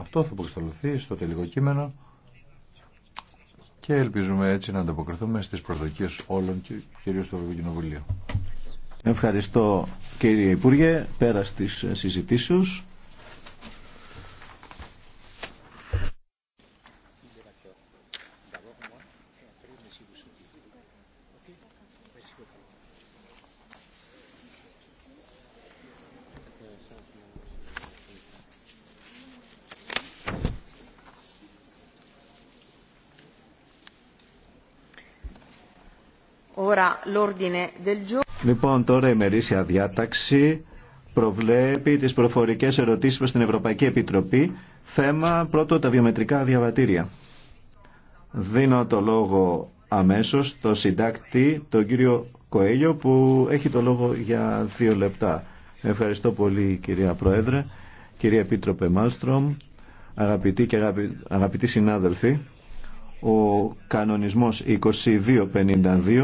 Αυτό θα αποκρισταλωθεί στο τελικό κείμενο και ελπίζουμε έτσι να ανταποκριθούμε στις προσδοκίες όλων και κυρίως του Ευρωκοινοβουλίο. Ευχαριστώ κύριε Υπουργέ. Πέρα στις συζητήσεις. Λοιπόν, τώρα η μερίσια διάταξη προβλέπει τις προφορικές ερωτήσεις προς την Ευρωπαϊκή Επιτροπή. Θέμα πρώτο τα βιομετρικά διαβατήρια. Δίνω το λόγο αμέσως στο συντάκτη, τον κύριο Κοέλιο, που έχει το λόγο για δύο λεπτά. Ευχαριστώ πολύ κυρία Πρόεδρε, κυρία Επίτροπε Μάλστρομ, αγαπητοί και αγαπη... αγαπητοί συνάδελφοι. Ο κανονισμός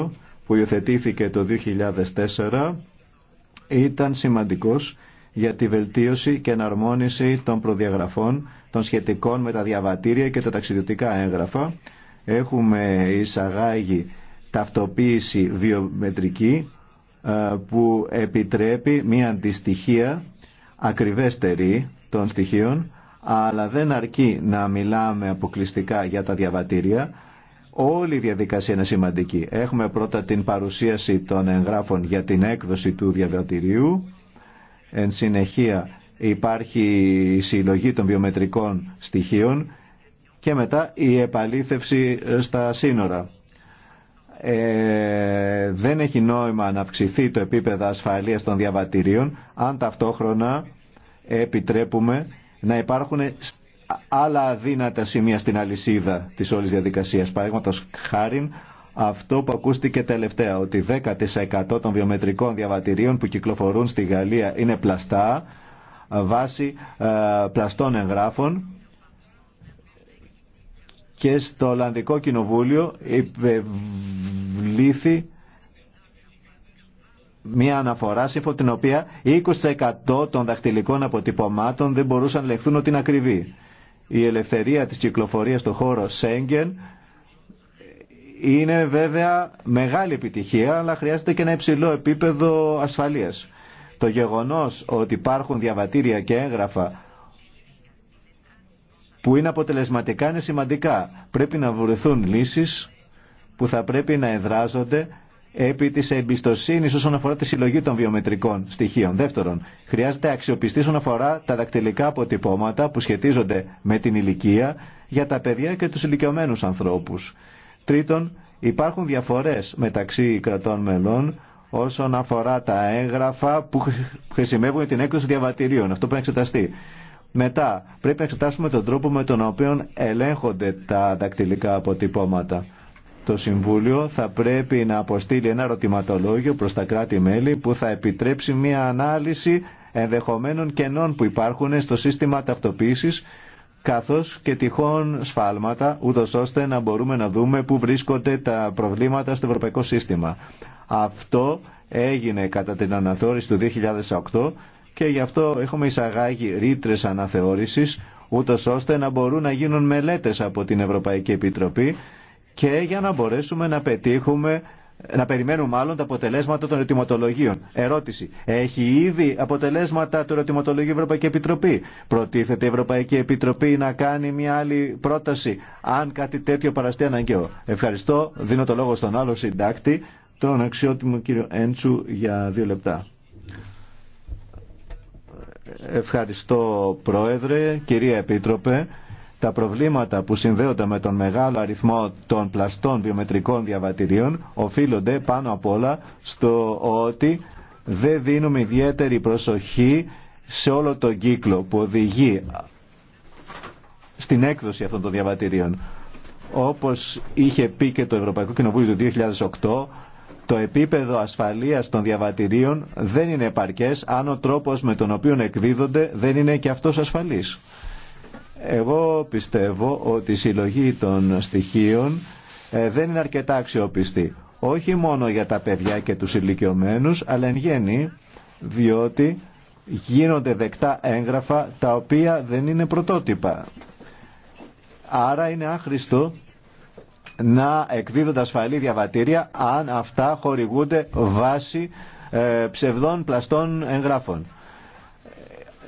2252 που υιοθετήθηκε το 2004 ήταν σημαντικός για τη βελτίωση και εναρμόνιση των προδιαγραφών των σχετικών με τα διαβατήρια και τα ταξιδιωτικά έγγραφα. Έχουμε εισαγάγει ταυτοποίηση βιομετρική ε, που επιτρέπει μια αντιστοιχία ακριβέστερη των στοιχείων αλλά δεν αρκεί να μιλάμε αποκλειστικά για τα διαβατήρια Όλη η διαδικασία είναι σημαντική. Έχουμε πρώτα την παρουσίαση των εγγράφων για την έκδοση του διαβατηρίου. Εν συνεχεία υπάρχει η συλλογή των βιομετρικών στοιχείων και μετά η επαλήθευση στα σύνορα. Ε, δεν έχει νόημα να αυξηθεί το επίπεδο ασφαλείας των διαβατηρίων αν ταυτόχρονα επιτρέπουμε να υπάρχουν άλλα αδύνατα σημεία στην αλυσίδα της όλης διαδικασίας. Παραδείγματο χάρη αυτό που ακούστηκε τελευταία, ότι 10% των βιομετρικών διαβατηρίων που κυκλοφορούν στη Γαλλία είναι πλαστά, βάσει ε, πλαστών εγγράφων και στο Ολλανδικό Κοινοβούλιο υπευλήθη μια αναφορά σύμφωνα την οποία 20% των δακτυλικών αποτυπωμάτων δεν μπορούσαν να λεχθούν ότι είναι ακριβή η ελευθερία της κυκλοφορίας στο χώρο Σέγγεν είναι βέβαια μεγάλη επιτυχία, αλλά χρειάζεται και ένα υψηλό επίπεδο ασφαλείας. Το γεγονός ότι υπάρχουν διαβατήρια και έγγραφα που είναι αποτελεσματικά είναι σημαντικά. Πρέπει να βρεθούν λύσεις που θα πρέπει να εδράζονται επί τη εμπιστοσύνη όσον αφορά τη συλλογή των βιομετρικών στοιχείων. Δεύτερον, χρειάζεται αξιοπιστή όσον αφορά τα δακτυλικά αποτυπώματα που σχετίζονται με την ηλικία για τα παιδιά και του ηλικιωμένου ανθρώπου. Τρίτον, υπάρχουν διαφορέ μεταξύ κρατών μελών όσον αφορά τα έγγραφα που χρησιμεύουν την έκδοση διαβατηρίων. Αυτό πρέπει να εξεταστεί. Μετά, πρέπει να εξετάσουμε τον τρόπο με τον οποίο ελέγχονται τα δακτυλικά αποτυπώματα το Συμβούλιο θα πρέπει να αποστείλει ένα ερωτηματολόγιο προς τα κράτη-μέλη που θα επιτρέψει μια ανάλυση ενδεχομένων κενών που υπάρχουν στο σύστημα ταυτοποίησης καθώς και τυχόν σφάλματα, ούτως ώστε να μπορούμε να δούμε πού βρίσκονται τα προβλήματα στο ευρωπαϊκό σύστημα. Αυτό έγινε κατά την αναθεώρηση του 2008 και γι' αυτό έχουμε εισαγάγει ρήτρες αναθεώρησης, ούτως ώστε να μπορούν να γίνουν μελέτες από την Ευρωπαϊκή Επιτροπή και για να μπορέσουμε να πετύχουμε να περιμένουμε μάλλον τα αποτελέσματα των ερωτηματολογίων. Ερώτηση. Έχει ήδη αποτελέσματα του ερωτηματολογίου Ευρωπαϊκή Επιτροπή. Προτίθεται η Ευρωπαϊκή Επιτροπή να κάνει μια άλλη πρόταση, αν κάτι τέτοιο παραστεί αναγκαίο. Ευχαριστώ. Δίνω το λόγο στον άλλο συντάκτη, τον αξιότιμο κύριο Έντσου, για δύο λεπτά. Ευχαριστώ, Πρόεδρε, κυρία Επίτροπε τα προβλήματα που συνδέονται με τον μεγάλο αριθμό των πλαστών βιομετρικών διαβατηρίων οφείλονται πάνω απ' όλα στο ότι δεν δίνουμε ιδιαίτερη προσοχή σε όλο τον κύκλο που οδηγεί στην έκδοση αυτών των διαβατηρίων. Όπως είχε πει και το Ευρωπαϊκό Κοινοβούλιο του 2008, το επίπεδο ασφαλείας των διαβατηρίων δεν είναι επαρκές αν ο τρόπος με τον οποίο εκδίδονται δεν είναι και αυτός ασφαλής. Εγώ πιστεύω ότι η συλλογή των στοιχείων ε, δεν είναι αρκετά αξιόπιστη. Όχι μόνο για τα παιδιά και τους ηλικιωμένους, αλλά εν γέννη, διότι γίνονται δεκτά έγγραφα τα οποία δεν είναι πρωτότυπα. Άρα είναι άχρηστο να εκδίδονται ασφαλή διαβατήρια αν αυτά χορηγούνται βάσει ε, ψευδών πλαστών εγγράφων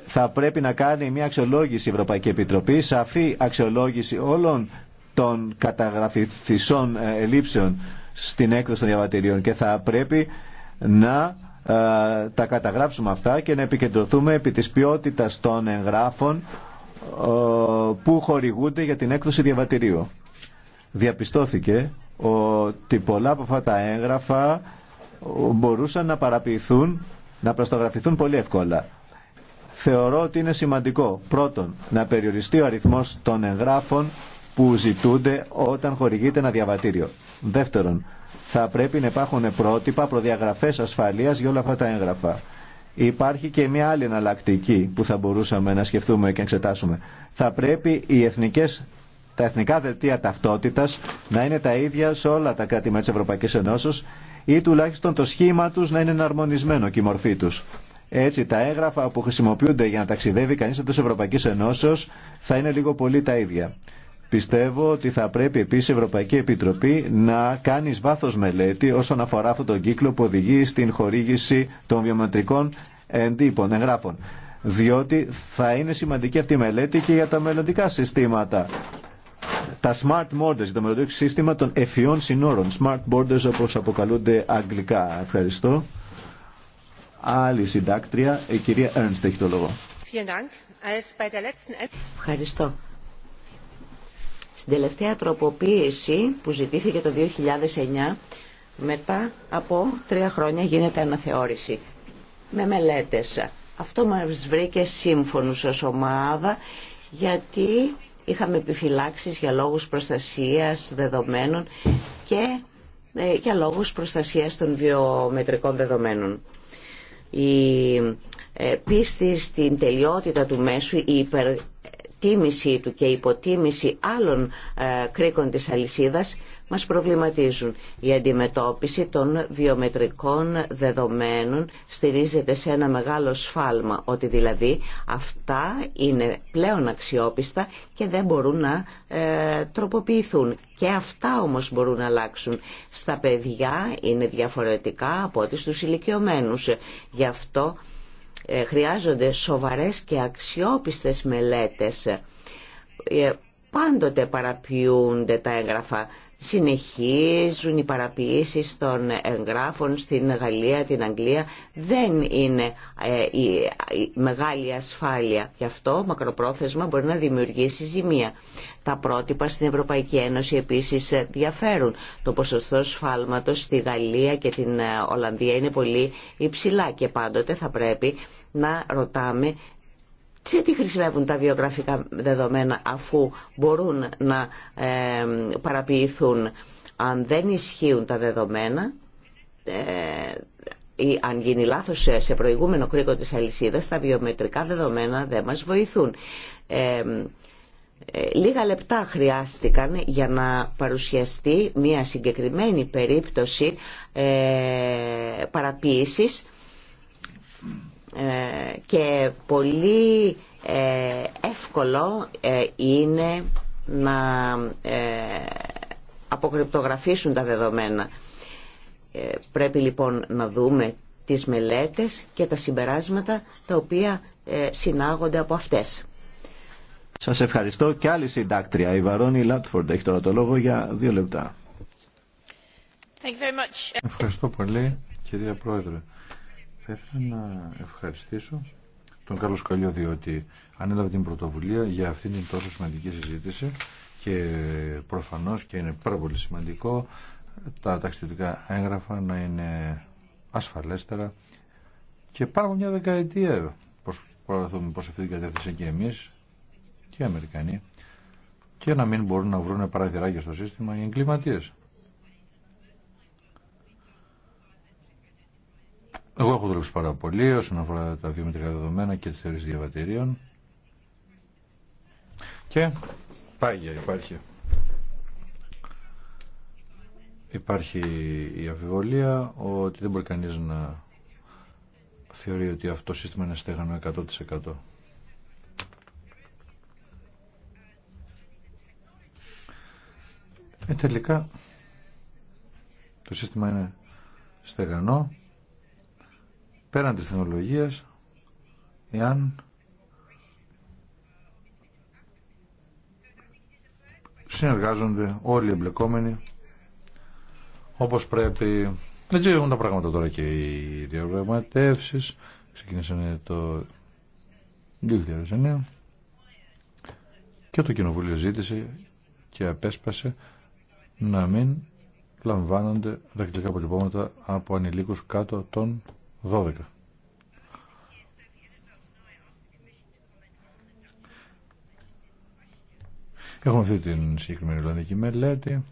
θα πρέπει να κάνει μια αξιολόγηση η Ευρωπαϊκή Επιτροπή, σαφή αξιολόγηση όλων των καταγραφηθισών ε, ελλείψεων στην έκδοση των διαβατηρίων και θα πρέπει να ε, τα καταγράψουμε αυτά και να επικεντρωθούμε επί της ποιότητας των εγγράφων ε, που χορηγούνται για την έκδοση διαβατηρίου. Διαπιστώθηκε ότι πολλά από αυτά τα έγγραφα μπορούσαν να παραποιηθούν, να προστογραφηθούν πολύ εύκολα θεωρώ ότι είναι σημαντικό πρώτον να περιοριστεί ο αριθμός των εγγράφων που ζητούνται όταν χορηγείται ένα διαβατήριο. Δεύτερον, θα πρέπει να υπάρχουν πρότυπα, προδιαγραφές ασφαλείας για όλα αυτά τα έγγραφα. Υπάρχει και μια άλλη εναλλακτική που θα μπορούσαμε να σκεφτούμε και να εξετάσουμε. Θα πρέπει οι εθνικές τα εθνικά δελτία ταυτότητας να είναι τα ίδια σε όλα τα κρατη της τη Ευρωπαϊκή ή τουλάχιστον το σχήμα τους να είναι εναρμονισμένο και η μορφή του. Έτσι τα έγγραφα που χρησιμοποιούνται για να ταξιδεύει κανείς εντός Ευρωπαϊκή Ενώσεως θα είναι λίγο πολύ τα ίδια. Πιστεύω ότι θα πρέπει επίσης η Ευρωπαϊκή Επιτροπή να κάνει βάθος μελέτη όσον αφορά αυτόν τον κύκλο που οδηγεί στην χορήγηση των βιομετρικών εντύπων, εγγράφων. Διότι θα είναι σημαντική αυτή η μελέτη και για τα μελλοντικά συστήματα. Τα smart borders, το μελλοντικό σύστημα των εφιών συνόρων. Smart borders όπως αποκαλούνται αγγλικά. Ευχαριστώ άλλη συντάκτρια, η κυρία Έρνστ έχει το λόγο. Ευχαριστώ. Στην τελευταία τροποποίηση που ζητήθηκε το 2009, μετά από τρία χρόνια γίνεται αναθεώρηση με μελέτες. Αυτό μας βρήκε σύμφωνος ως ομάδα γιατί είχαμε επιφυλάξεις για λόγους προστασίας δεδομένων και ε, για λόγους προστασίας των βιομετρικών δεδομένων η ε, πίστη στην τελειότητα του μέσου, η υπερτίμηση του και η υποτίμηση άλλων ε, κρίκων της αλυσίδας μας προβληματίζουν. Η αντιμετώπιση των βιομετρικών δεδομένων στηρίζεται σε ένα μεγάλο σφάλμα, ότι δηλαδή αυτά είναι πλέον αξιόπιστα και δεν μπορούν να ε, τροποποιηθούν. Και αυτά όμως μπορούν να αλλάξουν. Στα παιδιά είναι διαφορετικά από ό,τι στους ηλικιωμένους. Γι' αυτό ε, χρειάζονται σοβαρές και αξιόπιστες μελέτες. Ε, πάντοτε παραποιούνται τα έγγραφα Συνεχίζουν οι παραποιήσεις των εγγράφων στην Γαλλία, την Αγγλία. Δεν είναι ε, η μεγάλη ασφάλεια. Γι' αυτό μακροπρόθεσμα μπορεί να δημιουργήσει ζημία. Τα πρότυπα στην Ευρωπαϊκή Ένωση επίσης διαφέρουν. Το ποσοστό σφάλματος στη Γαλλία και την ε, Ολλανδία είναι πολύ υψηλά και πάντοτε θα πρέπει να ρωτάμε σε τι χρησιμεύουν τα βιογραφικά δεδομένα αφού μπορούν να ε, παραποιηθούν αν δεν ισχύουν τα δεδομένα ε, ή αν γίνει λάθος σε προηγούμενο κρίκο της αλυσίδας, τα βιομετρικά δεδομένα δεν μας βοηθούν. Ε, λίγα λεπτά χρειάστηκαν για να παρουσιαστεί μια συγκεκριμένη περίπτωση ε, παραποίησης και πολύ ε, εύκολο ε, είναι να ε, αποκρυπτογραφήσουν τα δεδομένα. Πρέπει λοιπόν να δούμε τις μελέτες και τα συμπεράσματα τα οποία συνάγονται από αυτές. Σας ευχαριστώ και άλλη συντάκτρια. Η Βαρόνι Λάτφορντ έχει τώρα το λόγο για δύο λεπτά. Ευχαριστώ πολύ κυρία Πρόεδρε. Θα ήθελα να ευχαριστήσω τον Κάρλο Σκαλιό διότι ανέλαβε την πρωτοβουλία για αυτήν την τόσο σημαντική συζήτηση και προφανώς και είναι πάρα πολύ σημαντικό τα ταξιδιωτικά έγγραφα να είναι ασφαλέστερα και πάνω από μια δεκαετία προσπαθούμε προς αυτή την κατεύθυνση και εμείς και οι Αμερικανοί και να μην μπορούν να βρουν παραδειράκια στο σύστημα οι εγκληματίες. Εγώ έχω δουλέψει πάρα πολύ όσον αφορά τα βιομητρικά δεδομένα και τις θεωρίες διαβατηρίων. Και πάγια υπάρχει. Υπάρχει η αμφιβολία ότι δεν μπορεί κανείς να θεωρεί ότι αυτό το σύστημα είναι στέγανο 100%. Ε, τελικά το σύστημα είναι στεγανό πέραν της θεολογίας εάν συνεργάζονται όλοι οι εμπλεκόμενοι όπως πρέπει. Δεν ξέρω τα πράγματα τώρα και οι διαπραγματεύσει. ξεκίνησαν το 2009 και το Κοινοβούλιο ζήτησε και απέσπασε να μην λαμβάνονται δακτυλικά αποτυπώματα από ανηλίκους κάτω των 12. Έχουμε αυτή την συγκεκριμένη Ολλανδική μελέτη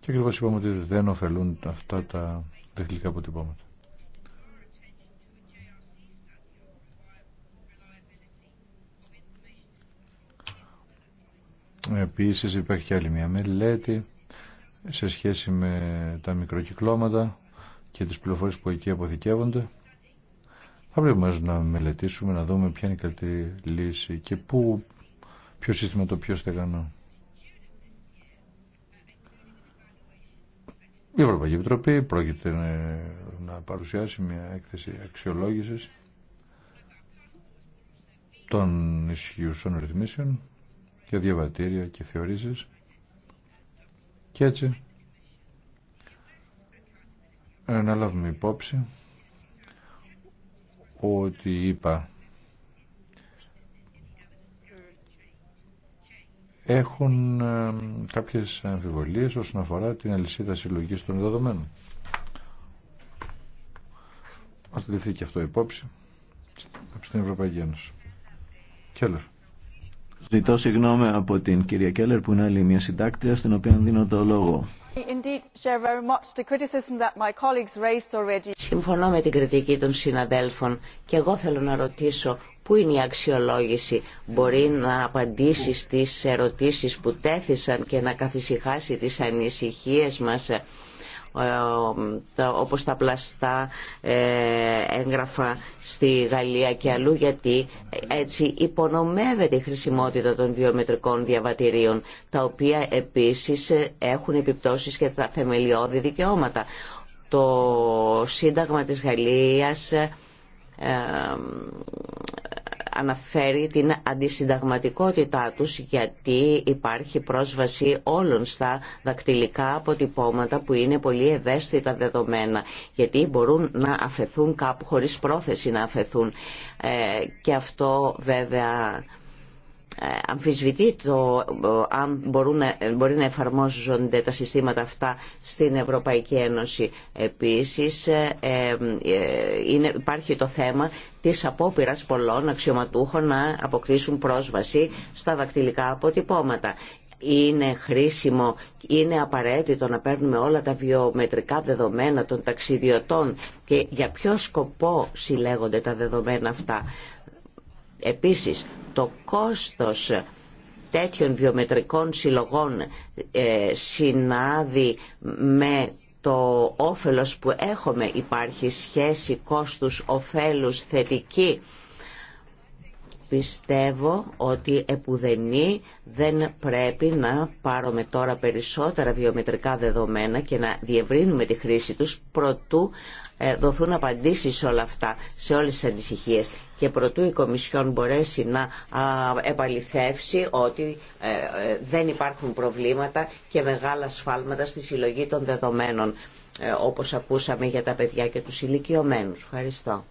και ακριβώ είπαμε ότι δεν ωφελούν αυτά τα τεχνικά αποτυπώματα. Επίσης υπάρχει και άλλη μια μελέτη σε σχέση με τα μικροκυκλώματα και τις πληροφορίες που εκεί αποθηκεύονται. Θα πρέπει μας να μελετήσουμε, να δούμε ποια είναι η καλύτερη λύση και πού, ποιο σύστημα το πιο στεγανό. Η Ευρωπαϊκή Επιτροπή πρόκειται να παρουσιάσει μια έκθεση αξιολόγησης των ισχυουσών ρυθμίσεων και διαβατήρια και θεωρήσεις και έτσι να λάβουμε υπόψη ότι είπα έχουν ε, κάποιες αμφιβολίες όσον αφορά την αλυσίδα συλλογής των δεδομένων. Ας λυθεί και αυτό υπόψη στην Ευρωπαϊκή Ένωση. Κέλλερ. Ζητώ συγγνώμη από την κυρία Κέλλερ που είναι άλλη μια συντάκτρια στην οποία δίνω το λόγο. Συμφωνώ με την κριτική των συναδέλφων και εγώ θέλω να ρωτήσω πού είναι η αξιολόγηση. Μπορεί να απαντήσει στις ερωτήσεις που τέθησαν και να καθησυχάσει τις ανησυχίες μας ε, όπως τα πλαστά ε, έγγραφα στη Γαλλία και αλλού γιατί έτσι υπονομεύεται η χρησιμότητα των βιομετρικών διαβατηρίων τα οποία επίσης ε, έχουν επιπτώσεις και τα θεμελιώδη δικαιώματα. Το Σύνταγμα της Γαλλίας αναφέρει την αντισυνταγματικότητά τους γιατί υπάρχει πρόσβαση όλων στα δακτυλικά αποτυπώματα που είναι πολύ ευαίσθητα δεδομένα γιατί μπορούν να αφαιθούν κάπου χωρίς πρόθεση να αφαιθούν ε, και αυτό βέβαια ε, αμφισβητεί το ε, αν μπορούν, ε, μπορεί να εφαρμόζονται τα συστήματα αυτά στην Ευρωπαϊκή Ένωση. Επίσης είναι, υπάρχει το θέμα της απόπειρας πολλών αξιωματούχων να αποκτήσουν πρόσβαση στα δακτυλικά αποτυπώματα. Είναι χρήσιμο, είναι απαραίτητο να παίρνουμε όλα τα βιομετρικά δεδομένα των ταξιδιωτών και για ποιο σκοπό συλλέγονται τα δεδομένα αυτά. Επίσης, το κόστος τέτοιων βιομετρικών συλλογών ε, συνάδει με το όφελος που έχουμε. Υπάρχει σχέση κόστους-οφέλους θετική Πιστεύω ότι επουδενή δεν πρέπει να πάρουμε τώρα περισσότερα βιομετρικά δεδομένα και να διευρύνουμε τη χρήση τους προτού ε, δοθούν απαντήσεις σε όλα αυτά, σε όλες τις ανησυχίες και προτού η Κομισιόν μπορέσει να επαληθεύσει ότι ε, ε, δεν υπάρχουν προβλήματα και μεγάλα σφάλματα στη συλλογή των δεδομένων όπως ακούσαμε για τα παιδιά και τους ηλικιωμένους. Ευχαριστώ.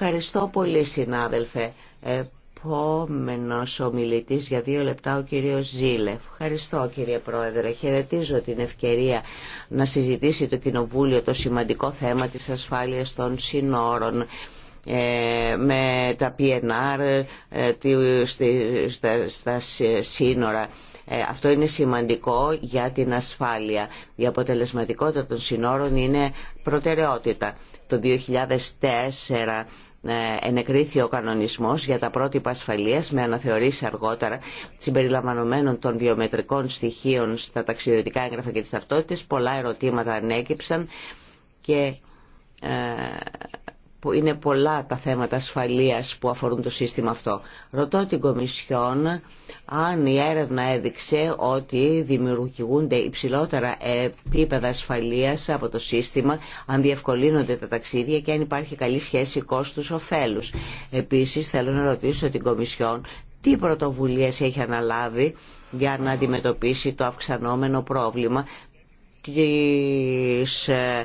Ευχαριστώ πολύ συνάδελφε. Επόμενος ομιλητής για δύο λεπτά ο κύριος Ζήλε. Ευχαριστώ κύριε Πρόεδρε. Χαιρετίζω την ευκαιρία να συζητήσει το Κοινοβούλιο το σημαντικό θέμα της ασφάλειας των συνόρων ε, με τα PNR ε, στα σύνορα. Ε, αυτό είναι σημαντικό για την ασφάλεια. Η αποτελεσματικότητα των συνόρων είναι προτεραιότητα. Το 2004 ε, ενεκρίθη ο κανονισμός για τα πρότυπα ασφαλείας με αναθεωρήσει αργότερα συμπεριλαμβανομένων των βιομετρικών στοιχείων στα ταξιδιωτικά έγγραφα και τις ταυτότητες. Πολλά ερωτήματα ανέκυψαν και ε, που είναι πολλά τα θέματα ασφαλείας που αφορούν το σύστημα αυτό. Ρωτώ την Κομισιόν αν η έρευνα έδειξε ότι δημιουργούνται υψηλότερα επίπεδα ασφαλείας από το σύστημα, αν διευκολύνονται τα ταξίδια και αν υπάρχει καλή σχέση κόστους-οφέλους. Επίσης θέλω να ρωτήσω την Κομισιόν τι πρωτοβουλίες έχει αναλάβει για να αντιμετωπίσει το αυξανόμενο πρόβλημα της, ε,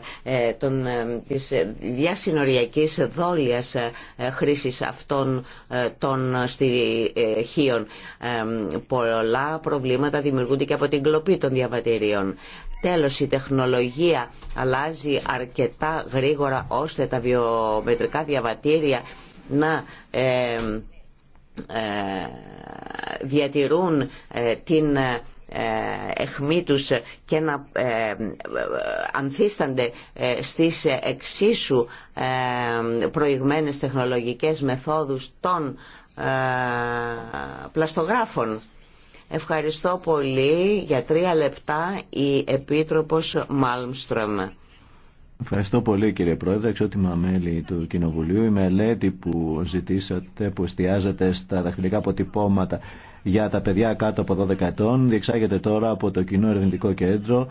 των, ε, της διασυνοριακής δόλειας ε, χρήσης αυτών των στοιχείων. Πολλά προβλήματα δημιουργούνται και από την κλοπή των διαβατηρίων. Τέλος, η τεχνολογία αλλάζει αρκετά γρήγορα ώστε τα βιομετρικά διαβατήρια να διατηρούν την εχμή τους και να ε, ανθίστανται ε, στις εξίσου ε, προηγμένες τεχνολογικές μεθόδους των πλαστογράφων. Ευχαριστώ πολύ. Για τρία λεπτά η Επίτροπος Μάλμστρομ. Ευχαριστώ πολύ κύριε Πρόεδρε, εξότιμα μέλη του Κοινοβουλίου. Η μελέτη που ζητήσατε, που εστιάζεται στα δαχτυλικά αποτυπώματα για τα παιδιά κάτω από 12 ετών διεξάγεται τώρα από το Κοινό Ερευνητικό Κέντρο.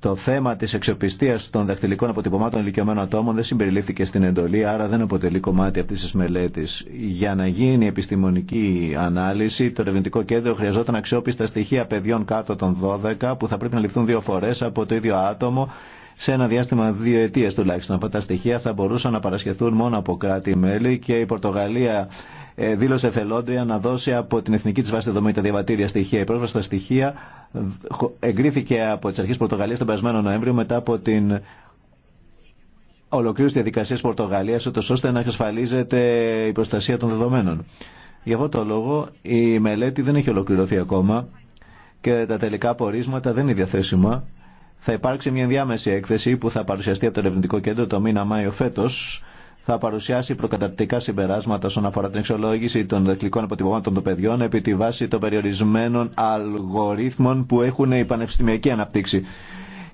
Το θέμα της εξοπιστίας των δαχτυλικών αποτυπωμάτων ηλικιωμένων ατόμων δεν συμπεριλήφθηκε στην εντολή, άρα δεν αποτελεί κομμάτι αυτής της μελέτης. Για να γίνει επιστημονική ανάλυση, το ερευνητικό κέντρο χρειαζόταν αξιόπιστα στοιχεία παιδιών κάτω των 12 που θα πρέπει να ληφθούν δύο φορές από το ίδιο άτομο σε ένα διάστημα δύο ετία τουλάχιστον. Αυτά τα στοιχεία θα μπορούσαν να παρασχεθούν μόνο από κράτη-μέλη και η Πορτογαλία ε, δήλωσε θελόντρια να δώσει από την εθνική τη βάση δεδομένη τα διαβατήρια στοιχεία. Η πρόσβαση στα στοιχεία εγκρίθηκε από τι αρχέ Πορτογαλία τον περασμένο Νοέμβριο μετά από την ολοκλήρωση διαδικασία Πορτογαλία, ώστε να εξασφαλίζεται η προστασία των δεδομένων. Γι' αυτό το λόγο η μελέτη δεν έχει ολοκληρωθεί ακόμα και τα τελικά απορίσματα δεν είναι διαθέσιμα θα υπάρξει μια διάμεση έκθεση που θα παρουσιαστεί από το Ερευνητικό Κέντρο το μήνα Μάιο φέτο. Θα παρουσιάσει προκαταρκτικά συμπεράσματα όσον αφορά την εξολόγηση των δεκλικών αποτυπωμάτων των παιδιών επί τη βάση των περιορισμένων αλγορίθμων που έχουν η πανευστημιακή αναπτύξη.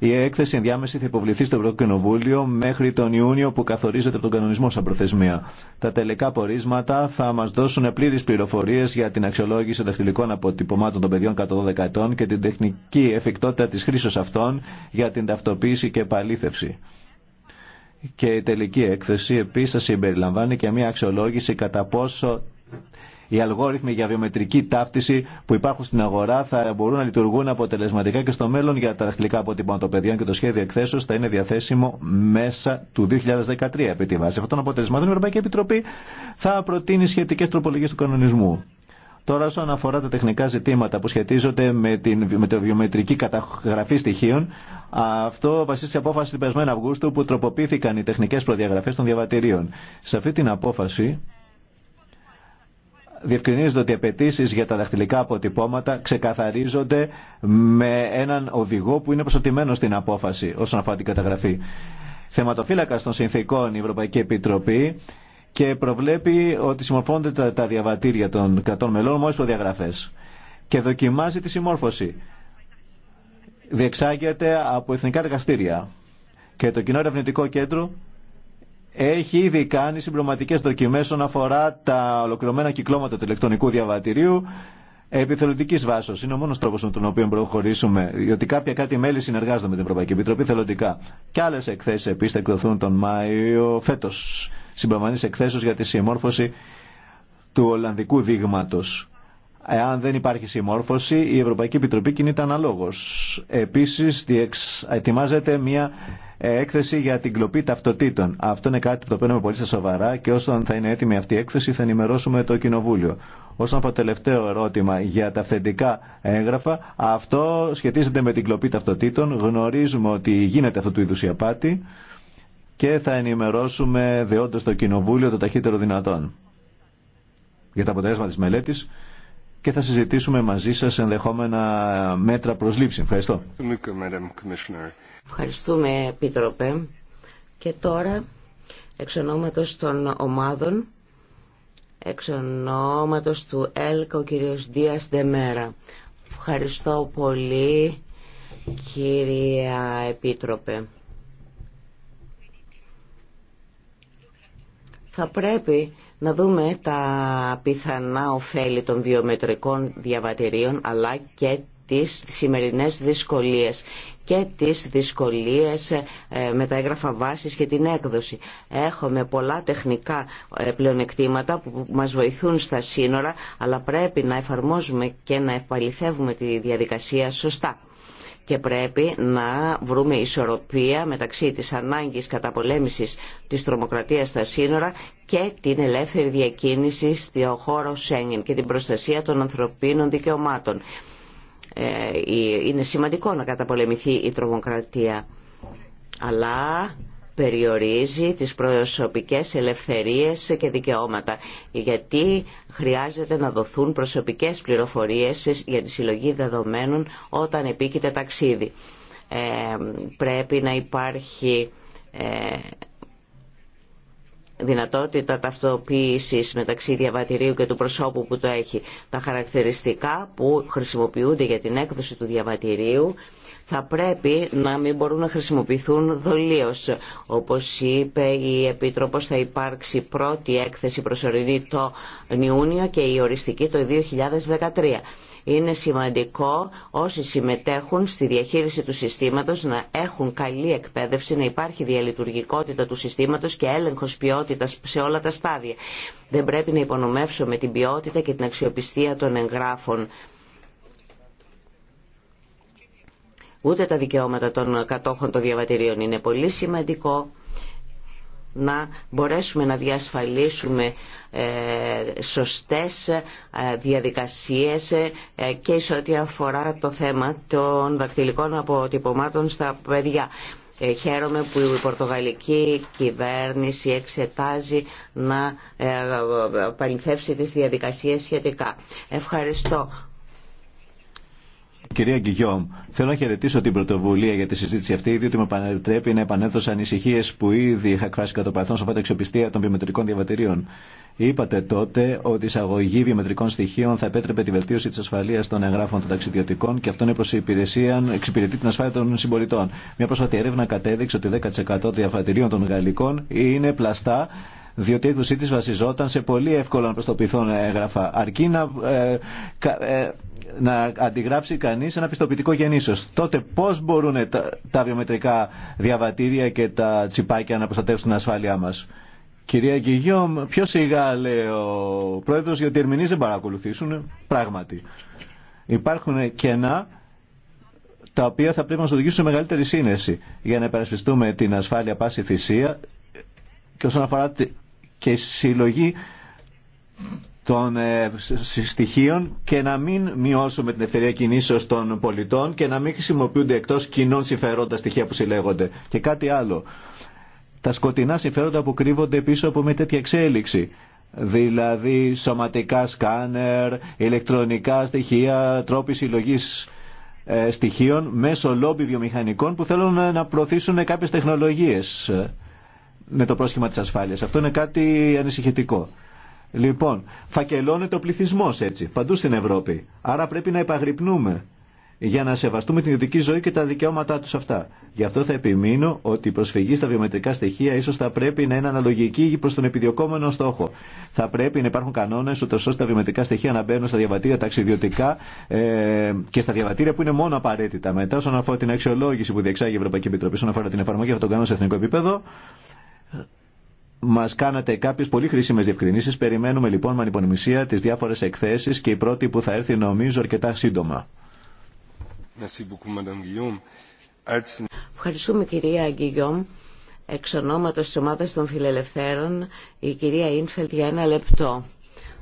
Η έκθεση ενδιάμεση θα υποβληθεί στο Ευρωκοινοβούλιο μέχρι τον Ιούνιο που καθορίζεται από τον κανονισμό σαν προθεσμία. Τα τελικά πορίσματα θα μα δώσουν πλήρε πληροφορίε για την αξιολόγηση δαχτυλικών αποτυπωμάτων των παιδιών κατά 12 ετών και την τεχνική εφικτότητα τη χρήση αυτών για την ταυτοποίηση και επαλήθευση. Και η τελική έκθεση επίση συμπεριλαμβάνει και μια αξιολόγηση κατά πόσο οι αλγόριθμοι για βιομετρική ταύτιση που υπάρχουν στην αγορά θα μπορούν να λειτουργούν αποτελεσματικά και στο μέλλον για τα δαχτυλικά αποτύπωμα των παιδιών και το σχέδιο εκθέσεω θα είναι διαθέσιμο μέσα του 2013 επί τη βάση αυτών των αποτελεσμάτων. Η Ευρωπαϊκή Επιτροπή θα προτείνει σχετικέ τροπολογίε του κανονισμού. Τώρα, όσον αφορά τα τεχνικά ζητήματα που σχετίζονται με, την, με βιομετρική καταγραφή στοιχείων, αυτό βασίζεται σε απόφαση του περασμένου Αυγούστου που τροποποιήθηκαν οι τεχνικέ προδιαγραφέ των διαβατηρίων. Σε αυτή την απόφαση, διευκρινίζεται ότι οι απαιτήσει για τα δαχτυλικά αποτυπώματα ξεκαθαρίζονται με έναν οδηγό που είναι προσωτημένο στην απόφαση όσον αφορά την καταγραφή. Θεματοφύλακα των συνθήκων η Ευρωπαϊκή Επιτροπή και προβλέπει ότι συμμορφώνονται τα, διαβατήρια των κρατών μελών μόλι προδιαγραφέ. Και δοκιμάζει τη συμμόρφωση. Διεξάγεται από εθνικά εργαστήρια. Και το Κοινό Ερευνητικό Κέντρο έχει ήδη κάνει συμπληρωματικέ δοκιμέ όσον αφορά τα ολοκληρωμένα κυκλώματα του ηλεκτρονικού διαβατηρίου επιθελοντική βάση. Είναι ο μόνο τρόπο με τον οποίο προχωρήσουμε, διότι κάποια κάτι μέλη συνεργάζονται με την Ευρωπαϊκή Επιτροπή θελοντικά. Και άλλε εκθέσει επίση θα εκδοθούν τον Μάιο φέτο. Συμπληρωματικέ εκθέσει για τη συμμόρφωση του Ολλανδικού δείγματο. Εάν δεν υπάρχει συμμόρφωση, η Ευρωπαϊκή Επιτροπή κινείται αναλόγω. Επίση, ετοιμάζεται μια έκθεση για την κλοπή ταυτοτήτων. Αυτό είναι κάτι που το παίρνουμε πολύ στα σοβαρά και όσον θα είναι έτοιμη αυτή η έκθεση θα ενημερώσουμε το Κοινοβούλιο. Όσον από το τελευταίο ερώτημα για τα αυθεντικά έγγραφα, αυτό σχετίζεται με την κλοπή ταυτοτήτων. Γνωρίζουμε ότι γίνεται αυτό του είδου η απάτη και θα ενημερώσουμε δεόντως το Κοινοβούλιο το ταχύτερο δυνατόν για τα αποτελέσματα της μελέτης και θα συζητήσουμε μαζί σας ενδεχόμενα μέτρα προσλήψη. Ευχαριστώ. Ευχαριστούμε, Επίτροπε. Και τώρα, εξ ονόματος των ομάδων, εξ του ΕλΚΑ ο κύριος Δίας Δεμέρα. Ευχαριστώ πολύ, κυρία Επίτροπε. Θα πρέπει να δούμε τα πιθανά ωφέλη των βιομετρικών διαβατηρίων αλλά και τις σημερινές δυσκολίες και τις δυσκολίες ε, με τα έγγραφα βάσης και την έκδοση. Έχουμε πολλά τεχνικά ε, πλεονεκτήματα που μας βοηθούν στα σύνορα, αλλά πρέπει να εφαρμόζουμε και να επαληθεύουμε τη διαδικασία σωστά και πρέπει να βρούμε ισορροπία μεταξύ της ανάγκης καταπολέμησης της τρομοκρατίας στα σύνορα και την ελεύθερη διακίνηση στο χώρο Σέγγεν και την προστασία των ανθρωπίνων δικαιωμάτων. Ε, είναι σημαντικό να καταπολεμηθεί η τρομοκρατία, αλλά περιορίζει τις προσωπικές ελευθερίες και δικαιώματα γιατί χρειάζεται να δοθούν προσωπικές πληροφορίες για τη συλλογή δεδομένων όταν επίκειται ταξίδι. Ε, πρέπει να υπάρχει ε, δυνατότητα ταυτοποίησης μεταξύ διαβατηρίου και του προσώπου που το έχει. Τα χαρακτηριστικά που χρησιμοποιούνται για την έκδοση του διαβατηρίου θα πρέπει να μην μπορούν να χρησιμοποιηθούν δολίως. Όπως είπε η Επίτροπος θα υπάρξει πρώτη έκθεση προσωρινή το Ιούνιο και η οριστική το 2013. Είναι σημαντικό όσοι συμμετέχουν στη διαχείριση του συστήματος να έχουν καλή εκπαίδευση, να υπάρχει διαλειτουργικότητα του συστήματος και έλεγχος ποιότητας σε όλα τα στάδια. Δεν πρέπει να υπονομεύσουμε την ποιότητα και την αξιοπιστία των εγγράφων. Ούτε τα δικαιώματα των κατόχων των διαβατηρίων είναι πολύ σημαντικό να μπορέσουμε να διασφαλίσουμε ε, σωστές ε, διαδικασίες ε, και σε ό,τι αφορά το θέμα των δακτυλικών αποτυπωμάτων στα παιδιά. Χαίρομαι που η πορτογαλική κυβέρνηση εξετάζει να παληθεύσει τις διαδικασίες σχετικά. Ευχαριστώ. Κυρία Γκυγιόμ, θέλω να χαιρετήσω την πρωτοβουλία για τη συζήτηση αυτή, διότι με επιτρέπει να επανέλθω σε ανησυχίε που ήδη είχα εκφράσει κατά το παρελθόν σε αξιοπιστία των βιομετρικών διαβατηρίων. Είπατε τότε ότι η εισαγωγή βιομετρικών στοιχείων θα επέτρεπε τη βελτίωση τη ασφαλεία των εγγράφων των ταξιδιωτικών και αυτό είναι προ υπηρεσία, εξυπηρετεί την ασφάλεια των συμπολιτών. Μια πρόσφατη έρευνα κατέδειξε ότι 10% των διαβατηρίων των γαλλικών είναι πλαστά διότι η έκδοσή τη βασιζόταν σε πολύ εύκολα να προστοποιηθούν έγγραφα, αρκεί να, ε, ε, να αντιγράψει κανεί ένα πιστοποιητικό γεννήσεω. Τότε πώ μπορούν τα, βιομετρικά διαβατήρια και τα τσιπάκια να προστατεύσουν την ασφάλειά μα. Κυρία Γκυγιόμ, πιο σιγά λέει ο πρόεδρο γιατί οι ερμηνεί δεν παρακολουθήσουν. Πράγματι. Υπάρχουν κενά τα οποία θα πρέπει να μα οδηγήσουν σε μεγαλύτερη σύνεση για να υπερασπιστούμε την ασφάλεια πάση θυσία και όσον αφορά και συλλογή των ε, στοιχείων και να μην μειώσουμε την ευθερία κινήσεως των πολιτών και να μην χρησιμοποιούνται εκτός κοινών συμφερόντα στοιχεία που συλλέγονται. Και κάτι άλλο. Τα σκοτεινά συμφέροντα που κρύβονται πίσω από μια τέτοια εξέλιξη δηλαδή σωματικά σκάνερ, ηλεκτρονικά στοιχεία, τρόποι συλλογή ε, στοιχείων μέσω λόμπι βιομηχανικών που θέλουν να προωθήσουν κάποιες τεχνολογίες με το πρόσχημα της ασφάλειας. Αυτό είναι κάτι ανησυχητικό. Λοιπόν, φακελώνεται ο πληθυσμό έτσι, παντού στην Ευρώπη. Άρα πρέπει να υπαγρυπνούμε για να σεβαστούμε την ιδιωτική ζωή και τα δικαιώματά του αυτά. Γι' αυτό θα επιμείνω ότι η προσφυγή στα βιομετρικά στοιχεία ίσω θα πρέπει να είναι αναλογική προ τον επιδιωκόμενο στόχο. Θα πρέπει να υπάρχουν κανόνε ούτω ώστε τα βιομετρικά στοιχεία να μπαίνουν στα διαβατήρια ταξιδιωτικά ε, και στα διαβατήρια που είναι μόνο απαραίτητα. Μετά, όσον αφορά την αξιολόγηση που διεξάγει η Ευρωπαϊκή Επιτροπή, όσον αφορά την εφαρμογή αυτών των κανόνων σε εθνικό επίπεδο, Μα κάνατε κάποιε πολύ χρήσιμε διευκρινήσει. Περιμένουμε λοιπόν με ανυπονημισία, τι διάφορε εκθέσει και η πρώτη που θα έρθει νομίζω αρκετά σύντομα. Ευχαριστούμε κυρία Αγγιγιόμ. Εξ ονόματος της ομάδας των φιλελευθέρων, η κυρία Ίνφελτ για ένα λεπτό.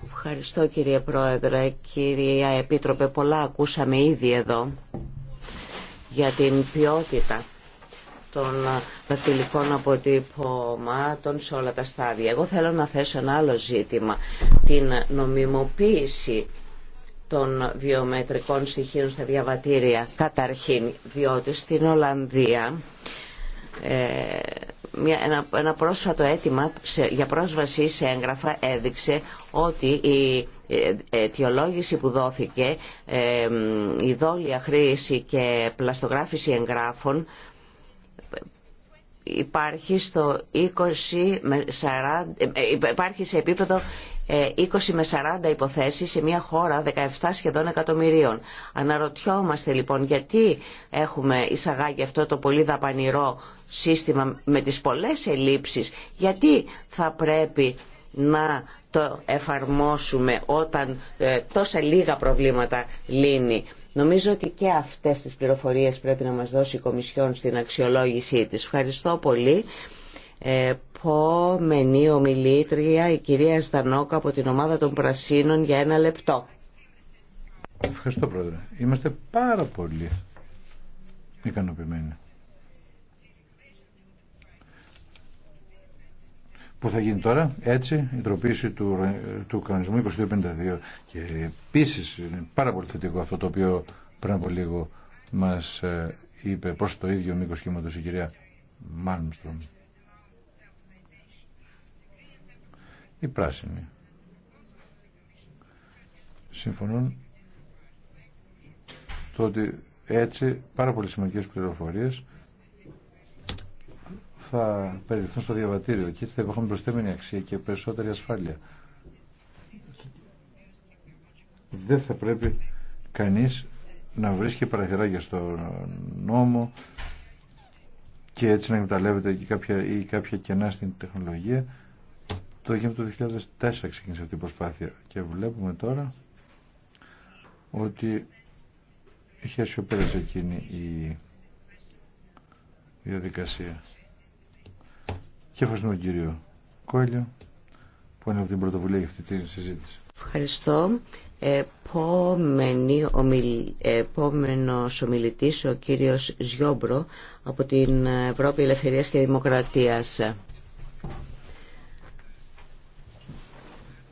Ευχαριστώ κύριε Πρόεδρε, κυρία Επίτροπε, πολλά ακούσαμε ήδη εδώ για την ποιότητα των δακτυλικών αποτυπωμάτων σε όλα τα στάδια. Εγώ θέλω να θέσω ένα άλλο ζήτημα, την νομιμοποίηση των βιομετρικών στοιχείων στα διαβατήρια καταρχήν, διότι στην Ολλανδία ε, ένα πρόσφατο αίτημα για πρόσβαση σε έγγραφα έδειξε ότι η ε, αιτιολόγηση που δόθηκε, ε, η δόλια χρήση και πλαστογράφηση εγγράφων υπάρχει στο ε, ε, σε επίπεδο 20 ε, με 40 υποθέσεις σε μια χώρα 17 σχεδόν εκατομμυρίων. Αναρωτιόμαστε λοιπόν γιατί έχουμε εισαγάγει αυτό το πολύ δαπανηρό σύστημα με τις πολλές ελλείψεις, γιατί θα πρέπει να το εφαρμόσουμε όταν τόσα λίγα προβλήματα λύνει. Νομίζω ότι και αυτές τις πληροφορίες πρέπει να μας δώσει η Κομισιόν στην αξιολόγησή της. Ευχαριστώ πολύ. Επόμενη ομιλήτρια, η κυρία Στανόκα από την ομάδα των Πρασίνων για ένα λεπτό. Ευχαριστώ πρόεδρε. Είμαστε πάρα πολύ ικανοποιημένοι που θα γίνει τώρα, έτσι, η τροπήση του, του κανονισμού 2252. Και επίση είναι πάρα πολύ θετικό αυτό το οποίο πριν από λίγο μα ε, είπε προ το ίδιο μήκο κύματο η κυρία Μάλμστρομ. Οι πράσινοι συμφωνούν το ότι έτσι πάρα πολύ σημαντικές πληροφορίες θα περιληφθούν στο διαβατήριο και έτσι θα υπάρχουν προσθέμενη αξία και περισσότερη ασφάλεια. Δεν θα πρέπει κανείς να βρίσκει παραθυράκια στο νόμο και έτσι να εκμεταλλεύεται ή κάποια, ή κάποια κενά στην τεχνολογία. Το Δεκέμβριο το 2004 ξεκίνησε αυτή η προσπάθεια και βλέπουμε τώρα ότι είχε αισιοπέρασε εκείνη η διαδικασία. Και ευχαριστούμε τον κύριο Κόλλιο που είναι από την πρωτοβουλία για αυτή τη συζήτηση. Ευχαριστώ. Επόμενη, ομιλ... Επόμενος ομιλητής ο κύριος Ζιόμπρο από την Ευρώπη Ελευθερίας και Δημοκρατίας.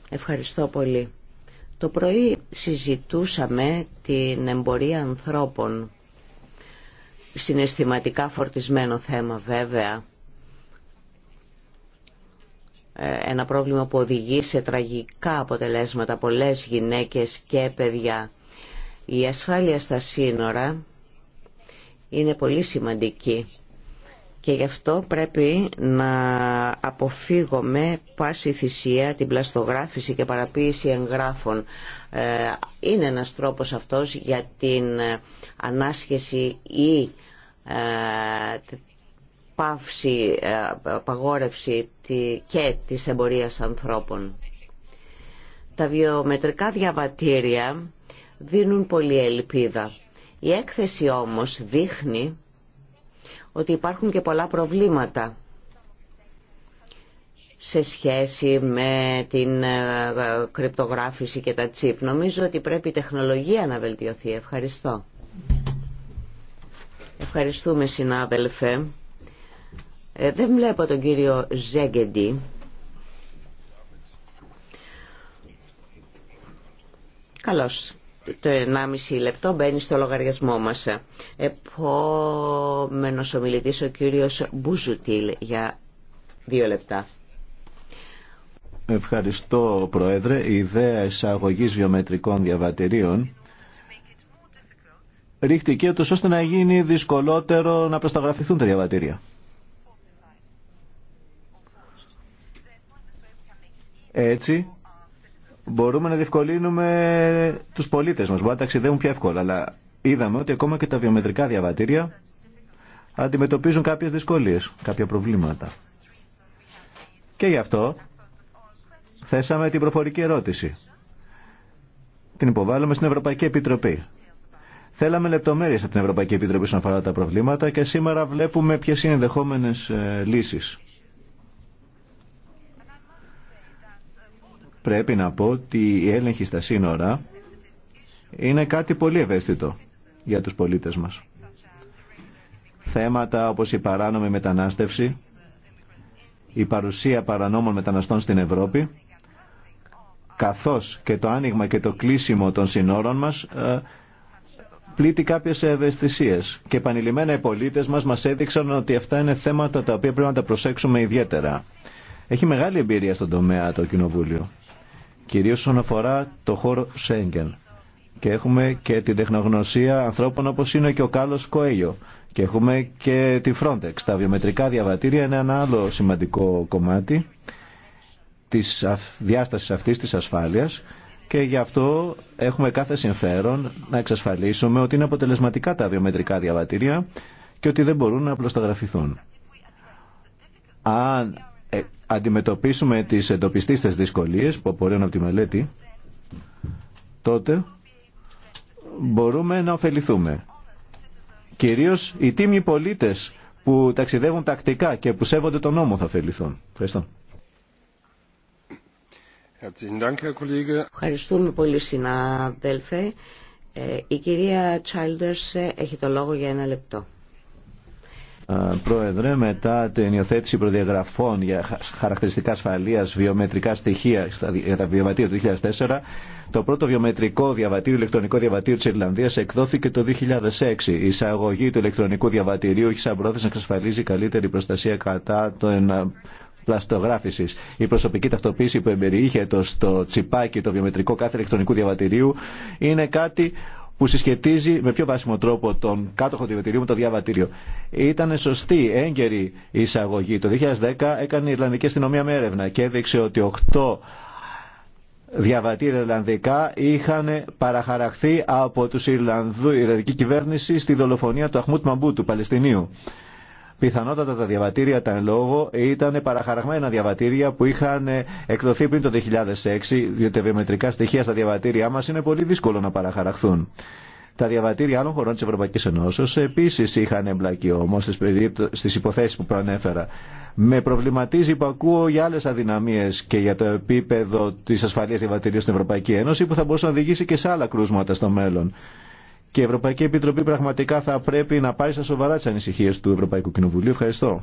Ευχαριστώ πολύ. Το πρωί συζητούσαμε την εμπορία ανθρώπων. Συναισθηματικά φορτισμένο θέμα βέβαια ε, ένα πρόβλημα που οδηγεί σε τραγικά αποτελέσματα πολλές γυναίκες και παιδιά. Η ασφάλεια στα σύνορα είναι πολύ σημαντική και γι' αυτό πρέπει να αποφύγουμε πάση θυσία την πλαστογράφηση και παραποίηση εγγράφων. Ε, είναι ένας τρόπος αυτός για την ε, ανάσχεση ή πάυση, ε, απαγόρευση και της εμπορίας ανθρώπων. Τα βιομετρικά διαβατήρια δίνουν πολλή ελπίδα. Η έκθεση όμως δείχνει ότι υπάρχουν και πολλά προβλήματα σε σχέση με την ε, ε, κρυπτογράφηση και τα τσίπ. Νομίζω ότι πρέπει η τεχνολογία να βελτιωθεί. Ευχαριστώ. Ευχαριστούμε συνάδελφε. Ε, δεν βλέπω τον κύριο Ζέγκεντι. Καλώς. Το 1,5 λεπτό μπαίνει στο λογαριασμό μας. Επόμενος ομιλητής ο κύριος Μπουζουτήλ για δύο λεπτά. Ευχαριστώ Πρόεδρε. Η ιδέα εισαγωγής βιομετρικών διαβατηρίων ρίχτηκε ώστε να γίνει δυσκολότερο να προσταγραφηθούν τα διαβατήρια. Έτσι μπορούμε να διευκολύνουμε τους πολίτες μας, μπορεί να ταξιδεύουν πιο εύκολα, αλλά είδαμε ότι ακόμα και τα βιομετρικά διαβατήρια αντιμετωπίζουν κάποιες δυσκολίες, κάποια προβλήματα. Και γι' αυτό θέσαμε την προφορική ερώτηση. Την υποβάλλουμε στην Ευρωπαϊκή Επιτροπή. Θέλαμε λεπτομέρειες από την Ευρωπαϊκή Επιτροπή όσον αφορά τα προβλήματα και σήμερα βλέπουμε ποιες είναι ενδεχομένε ε, λύσεις. πρέπει να πω ότι η έλεγχη στα σύνορα είναι κάτι πολύ ευαίσθητο για τους πολίτες μας. Θέματα όπως η παράνομη μετανάστευση, η παρουσία παρανόμων μεταναστών στην Ευρώπη, καθώς και το άνοιγμα και το κλείσιμο των συνόρων μας ε, πλήττει κάποιες ευαισθησίες. Και επανειλημμένα οι πολίτες μας μας έδειξαν ότι αυτά είναι θέματα τα οποία πρέπει να τα προσέξουμε ιδιαίτερα. Έχει μεγάλη εμπειρία στον τομέα το Κοινοβούλιο κυρίως όσον αφορά το χώρο Σέγγεν. Και έχουμε και την τεχνογνωσία ανθρώπων όπως είναι και ο Κάλλος Κοέλιο. Και έχουμε και τη Frontex. Τα βιομετρικά διαβατήρια είναι ένα άλλο σημαντικό κομμάτι της διάστασης αυτής της ασφάλειας και γι' αυτό έχουμε κάθε συμφέρον να εξασφαλίσουμε ότι είναι αποτελεσματικά τα βιομετρικά διαβατήρια και ότι δεν μπορούν να απλωσταγραφηθούν. Ε, αντιμετωπίσουμε τις εντοπιστήστες δυσκολίες που απορρέουν από τη μελέτη, τότε μπορούμε να ωφεληθούμε. Κυρίως οι τίμιοι πολίτες που ταξιδεύουν τακτικά και που σέβονται τον νόμο θα ωφεληθούν. Ευχαριστώ. Ευχαριστούμε πολύ συνάδελφε. Ε, η κυρία Childers ε, έχει το λόγο για ένα λεπτό. Πρόεδρε, μετά την υιοθέτηση προδιαγραφών για χαρακτηριστικά ασφαλεία βιομετρικά στοιχεία για τα βιομετρία του 2004, το πρώτο βιομετρικό διαβατήριο, ηλεκτρονικό διαβατήριο τη Ιρλανδία εκδόθηκε το 2006. Η εισαγωγή του ηλεκτρονικού διαβατηρίου έχει σαν πρόθεση να εξασφαλίζει καλύτερη προστασία κατά το πλαστογράφηση. Η προσωπική ταυτοποίηση που εμπεριείχεται στο τσιπάκι, το βιομετρικό κάθε ηλεκτρονικού διαβατηρίου, είναι κάτι που συσχετίζει με πιο βάσιμο τρόπο τον κάτοχο του διαβατηρίου με το διαβατήριο. Ήταν σωστή, έγκαιρη η εισαγωγή. Το 2010 έκανε η Ιρλανδική αστυνομία με έρευνα και έδειξε ότι 8 διαβατήρια Ιρλανδικά είχαν παραχαραχθεί από τους Ιρλανδού, η Ιρλανδική κυβέρνηση στη δολοφονία του Αχμούτ Μαμπού, του Παλαιστινίου. Πιθανότατα τα διαβατήρια τα εν λόγω ήταν παραχαραγμένα διαβατήρια που είχαν ε, εκδοθεί πριν το 2006, διότι τα βιομετρικά στοιχεία στα διαβατήριά μα είναι πολύ δύσκολο να παραχαραχθούν. Τα διαβατήρια άλλων χωρών τη Ευρωπαϊκή Ενώσεω επίση είχαν εμπλακεί όμω στι υποθέσει που προανέφερα. Με προβληματίζει που ακούω για άλλε αδυναμίε και για το επίπεδο τη ασφαλεία διαβατηρίων στην Ευρωπαϊκή Ένωση που θα μπορούσε να οδηγήσει και σε άλλα κρούσματα στο μέλλον. Και η Ευρωπαϊκή Επιτροπή πραγματικά θα πρέπει να πάρει στα σοβαρά τι ανησυχίε του Ευρωπαϊκού Κοινοβουλίου. Ευχαριστώ.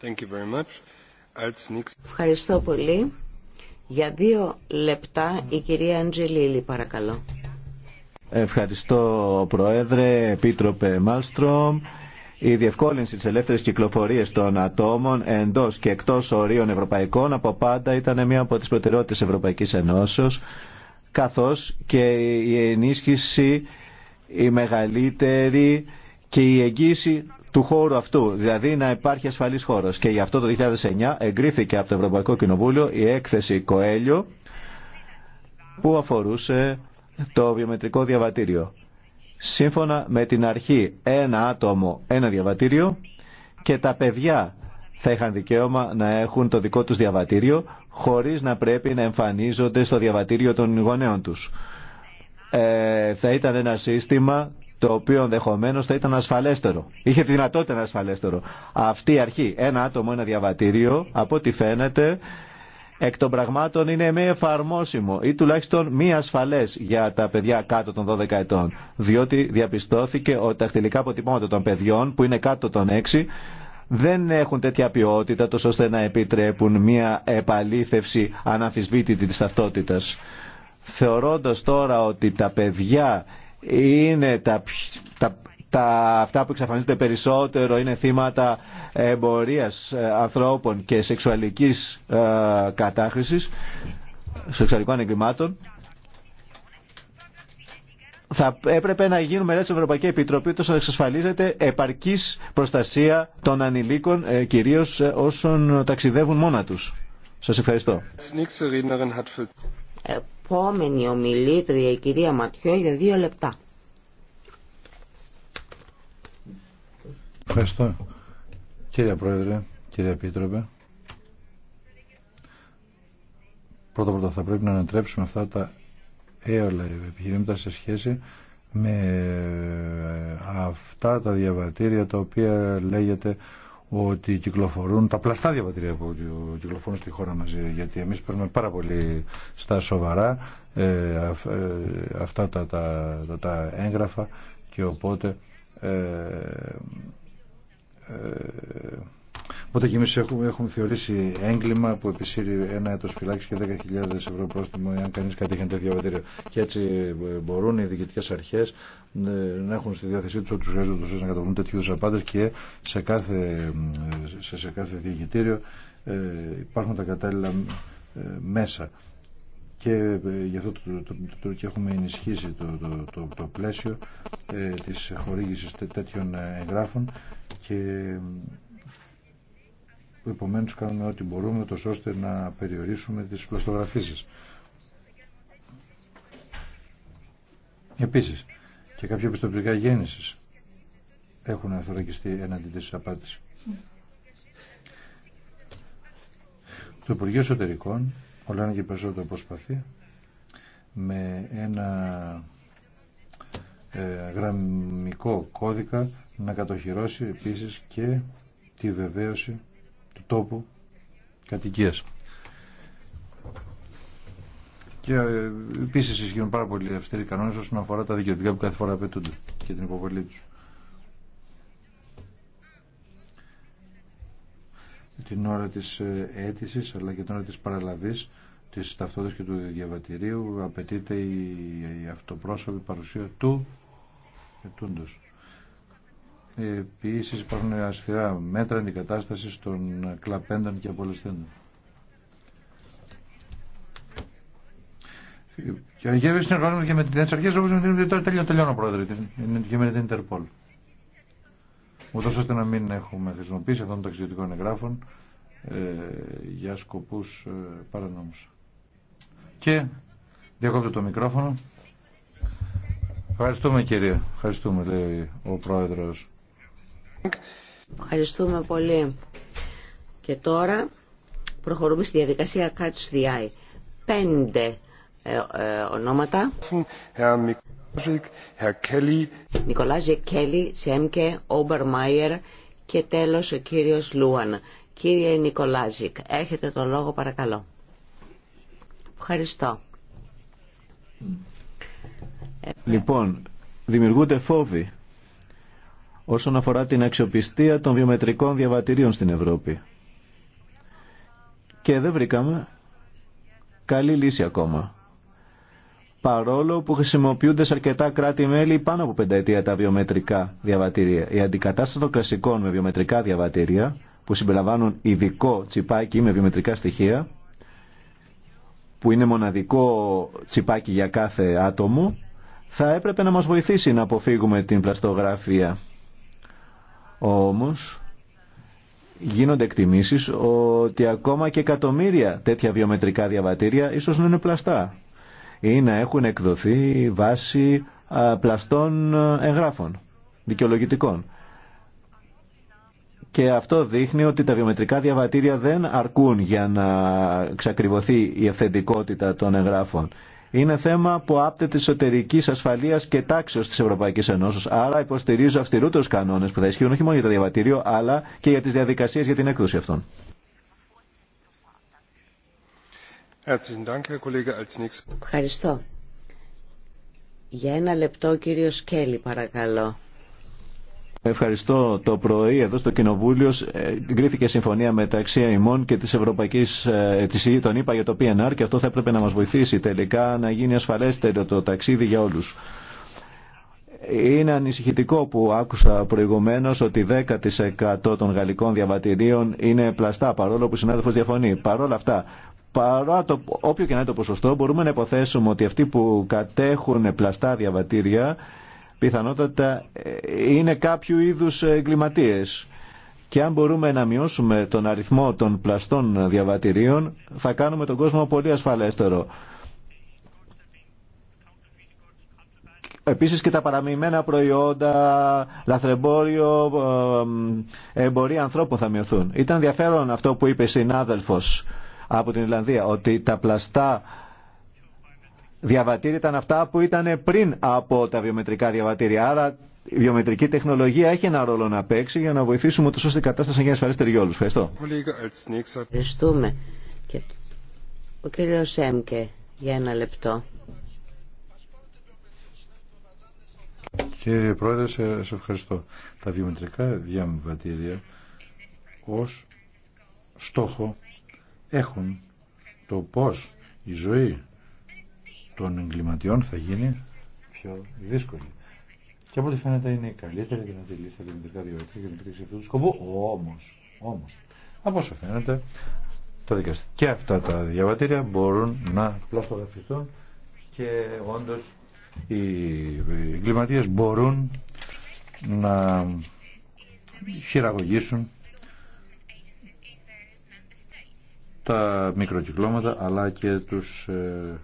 Thank you very much. Ευχαριστώ πολύ. Για δύο λεπτά η κυρία Αντζελίλη παρακαλώ. Ευχαριστώ Προέδρε, Επίτροπε Μάλστρομ. Η διευκόλυνση της ελεύθερης κυκλοφορίας των ατόμων εντός και εκτός ορίων ευρωπαϊκών από πάντα ήταν μία από τις προτεραιότητες Ευρωπαϊκής Ενώσεως καθώς και η ενίσχυση η μεγαλύτερη και η εγγύηση του χώρου αυτού, δηλαδή να υπάρχει ασφαλής χώρος. Και γι' αυτό το 2009 εγκρίθηκε από το Ευρωπαϊκό Κοινοβούλιο η έκθεση Κοέλιο που αφορούσε το βιομετρικό διαβατήριο. Σύμφωνα με την αρχή ένα άτομο, ένα διαβατήριο και τα παιδιά θα είχαν δικαίωμα να έχουν το δικό τους διαβατήριο χωρίς να πρέπει να εμφανίζονται στο διαβατήριο των γονέων τους ε, θα ήταν ένα σύστημα το οποίο ενδεχομένω θα ήταν ασφαλέστερο. Είχε τη δυνατότητα να ασφαλέστερο. Αυτή η αρχή, ένα άτομο, ένα διαβατήριο, από ό,τι φαίνεται, εκ των πραγμάτων είναι μη εφαρμόσιμο ή τουλάχιστον μη ασφαλέ για τα παιδιά κάτω των 12 ετών. Διότι διαπιστώθηκε ότι τα χτυλικά αποτυπώματα των παιδιών που είναι κάτω των 6 δεν έχουν τέτοια ποιότητα τόσο ώστε να επιτρέπουν μια επαλήθευση αναμφισβήτητη της ταυτότητας θεωρώντας τώρα ότι τα παιδιά είναι τα, τα, τα, αυτά που εξαφανίζονται περισσότερο είναι θύματα εμπορίας ε, ανθρώπων και σεξουαλικής ε, κατάχρησης, σεξουαλικών εγκλημάτων, θα έπρεπε να γίνουν μελέτε στην Ευρωπαϊκή Επιτροπή ώστε να εξασφαλίζεται επαρκή προστασία των ανηλίκων, ε, κυρίω ε, όσων ταξιδεύουν μόνα του. Σα ευχαριστώ επόμενη ομιλήτρια η κυρία Ματιό για δύο λεπτά. Ευχαριστώ. Κύριε Πρόεδρε, κύριε Επίτροπε, πρώτα πρώτα θα πρέπει να ανατρέψουμε αυτά τα έολα επιχειρήματα σε σχέση με αυτά τα διαβατήρια τα οποία λέγεται ότι κυκλοφορούν τα πλαστά διαβατήρια που κυκλοφορούν στη χώρα μας γιατί εμείς παίρνουμε πάρα πολύ στα σοβαρά ε, ε αυτά τα, τα, τα, έγγραφα και οπότε ε, ε Οπότε και εμεί έχουμε, έχουμε θεωρήσει έγκλημα που επισύρει ένα έτο φυλάκιση και 10.000 ευρώ πρόστιμο εάν κανεί κατέχει ένα τέτοιο βατήριο. Και έτσι ε, μπορούν οι διοικητικέ αρχέ ε, να έχουν στη διάθεσή του ό,τι χρειάζονται να καταβούν τέτοιου απάντε και σε κάθε, ε, σε, σε κάθε διοικητήριο υπάρχουν τα κατάλληλα μέσα. Και γι' αυτό το, το, το, έχουμε ενισχύσει το, το, το, το πλαίσιο ε, της χορήγησης τέτοιων εγγράφων και που επομένως κάνουμε ό,τι μπορούμε τόσο ώστε να περιορίσουμε τις πλαστογραφίσεις. Επίσης, και κάποια πιστοποιητικά γέννησης έχουν αθωρακιστεί έναντι της απάτης. Το Υπουργείο Εσωτερικών, όλα είναι και περισσότερο προσπαθεί, με ένα ε, γραμμικό κώδικα να κατοχυρώσει επίσης και τη βεβαίωση τόπου κατοικίας. Και ε, επίση ισχύουν πάρα πολύ αυστηροί κανόνε όσον αφορά τα δικαιωτικά που κάθε φορά απαιτούνται και την υποβολή του. Την ώρα της ε, αίτηση αλλά και την ώρα της παραλαβής της ταυτότητα και του διαβατηρίου απαιτείται η, αυτοπρόσωπη παρουσία του ετούντος. Επίση υπάρχουν ασφυρά μέτρα αντικατάσταση των κλαπέντων και απολυστέντων. Και βέβαια συνεργάζομαι και με τι αρχέ όπω με την. Τώρα τελειώνω, τελειώνω πρόεδρε και με την Ιντερπολ. Ούτω ώστε να μην έχουμε χρησιμοποιήσει αυτών των ταξιδιωτικών εγγράφων ε, για σκοπού ε, παρανόμου. Και διακόπτω το μικρόφωνο. Ευχαριστούμε κυρία. Ευχαριστούμε λέει ο πρόεδρος. Ευχαριστούμε πολύ. Και τώρα προχωρούμε στη διαδικασία Catch the Eye. Πέντε ε, ε, ονόματα. Νικολάζε Κέλλη, Σέμκε, Όμπερ Μάιερ και τέλος ο κύριος Λούαν. Κύριε Νικολάζικ, έχετε το λόγο παρακαλώ. Ευχαριστώ. Ε, λοιπόν, δημιουργούνται φόβοι όσον αφορά την αξιοπιστία των βιομετρικών διαβατηρίων στην Ευρώπη. Και δεν βρήκαμε καλή λύση ακόμα. Παρόλο που χρησιμοποιούνται σε αρκετά κράτη-μέλη πάνω από πενταετία τα βιομετρικά διαβατήρια. Η αντικατάσταση των κλασικών με βιομετρικά διαβατήρια, που συμπεριλαμβάνουν ειδικό τσιπάκι με βιομετρικά στοιχεία, που είναι μοναδικό τσιπάκι για κάθε άτομο, θα έπρεπε να μας βοηθήσει να αποφύγουμε την πλαστογραφία. Όμως γίνονται εκτιμήσεις ότι ακόμα και εκατομμύρια τέτοια βιομετρικά διαβατήρια ίσως να είναι πλαστά ή να έχουν εκδοθεί βάσει πλαστών εγγράφων δικαιολογητικών. Και αυτό δείχνει ότι τα βιομετρικά διαβατήρια δεν αρκούν για να ξακριβωθεί η αυθεντικότητα των εγγράφων. Είναι θέμα που άπτεται τη εσωτερική ασφαλεία και τάξεω τη Ευρωπαϊκή Ενώσης. Άρα υποστηρίζω αυστηρότερου κανόνε που θα ισχύουν όχι μόνο για το διαβατήριο, αλλά και για τι διαδικασίε για την έκδοση αυτών. Ευχαριστώ. Για ένα λεπτό ο κύριος παρακαλώ. Ευχαριστώ. Το πρωί εδώ στο Κοινοβούλιο ε, γκρίθηκε συμφωνία μεταξύ ημών και τη Ευρωπαϊκής, ε, της, τον είπα για το PNR και αυτό θα έπρεπε να μα βοηθήσει τελικά να γίνει ασφαλέστερο το ταξίδι για όλου. Είναι ανησυχητικό που άκουσα προηγουμένω ότι 10% των γαλλικών διαβατηρίων είναι πλαστά παρόλο που ο συνάδελφος διαφωνεί. Παρόλα αυτά, παρά το, όποιο και να είναι το ποσοστό, μπορούμε να υποθέσουμε ότι αυτοί που κατέχουν πλαστά διαβατήρια πιθανότατα ε, είναι κάποιου είδους εγκληματίες. Και αν μπορούμε να μειώσουμε τον αριθμό των πλαστών διαβατηρίων, θα κάνουμε τον κόσμο πολύ ασφαλέστερο. Επίσης και τα παραμειμένα προϊόντα, λαθρεμπόριο, ε, εμπορία ανθρώπων θα μειωθούν. Ήταν ενδιαφέρον αυτό που είπε συνάδελφος από την Ιρλανδία, ότι τα πλαστά διαβατήρια ήταν αυτά που ήταν πριν από τα βιομετρικά διαβατήρια. Άρα η βιομετρική τεχνολογία έχει ένα ρόλο να παίξει για να βοηθήσουμε το ώστε η κατάσταση να γίνει για όλους. Ευχαριστώ. Ευχαριστούμε. Ο κύριος Έμκε για ένα λεπτό. Κύριε Πρόεδρε, σε, σε ευχαριστώ. Τα βιομετρικά διαβατήρια ως στόχο έχουν το πώς η ζωή των εγκληματιών θα γίνει πιο δύσκολη. Και από ό,τι φαίνεται είναι η καλύτερη δυνατή λύση την δημητρικά διαβατήρια για την επίτευξη αυτού του σκοπού. Όμω, όμω, από όσο φαίνεται, τα δικαστή. και αυτά τα διαβατήρια μπορούν να πλαστογραφηθούν και όντω οι εγκληματίε μπορούν να χειραγωγήσουν τα μικροκυκλώματα αλλά και τους ε,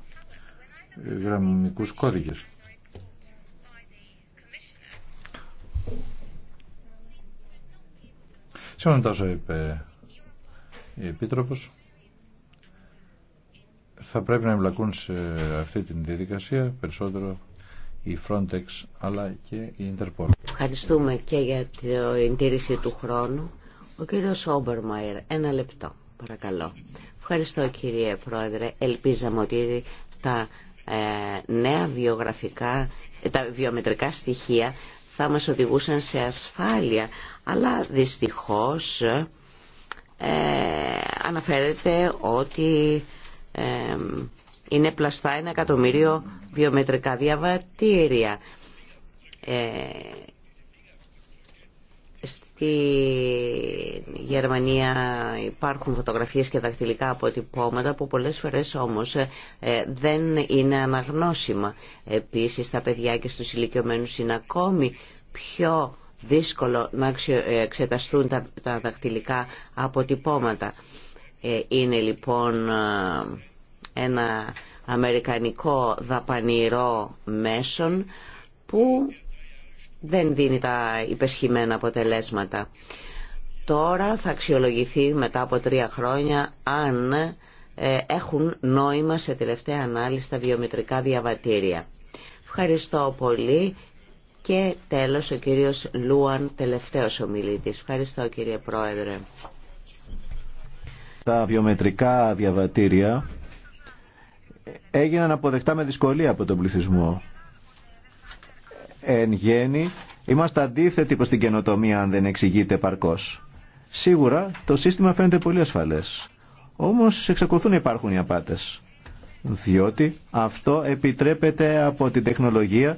γραμμικούς κώδικες. Σήμερα τόσο είπε η Επίτροπος θα πρέπει να εμπλακούν σε αυτή την διαδικασία περισσότερο η Frontex αλλά και η Interpol. Ευχαριστούμε και για την τήρηση του χρόνου. Ο κύριος Όμπερμαϊρ, ένα λεπτό παρακαλώ. Ευχαριστώ κύριε Πρόεδρε. Ελπίζαμε ότι τα ε, νέα βιογραφικά, ε, τα βιομετρικά στοιχεία θα μας οδηγούσαν σε ασφάλεια, αλλά δυστυχώς ε, αναφέρεται ότι ε, είναι πλαστά ένα εκατομμύριο βιομετρικά διαβατήρια. Ε, Στη Γερμανία υπάρχουν φωτογραφίες και δακτυλικά αποτυπώματα που πολλές φορές όμως ε, ε, δεν είναι αναγνώσιμα. Επίσης τα παιδιά και στους ηλικιωμένους είναι ακόμη πιο δύσκολο να ε, εξεταστούν τα δακτυλικά αποτυπώματα. Είναι λοιπόν ένα αμερικανικό δαπανηρό μέσον που δεν δίνει τα υπεσχημένα αποτελέσματα. Τώρα θα αξιολογηθεί μετά από τρία χρόνια αν ε, έχουν νόημα σε τελευταία ανάλυση τα βιομετρικά διαβατήρια. Ευχαριστώ πολύ και τέλος ο κύριος Λούαν, τελευταίος ομιλητής. Ευχαριστώ κύριε Πρόεδρε. Τα βιομετρικά διαβατήρια έγιναν αποδεκτά με δυσκολία από τον πληθυσμό εν γέννη είμαστε αντίθετοι προς την καινοτομία αν δεν εξηγείται παρκώς. Σίγουρα το σύστημα φαίνεται πολύ ασφαλές. Όμως εξακολουθούν να υπάρχουν οι απάτες. Διότι αυτό επιτρέπεται από την τεχνολογία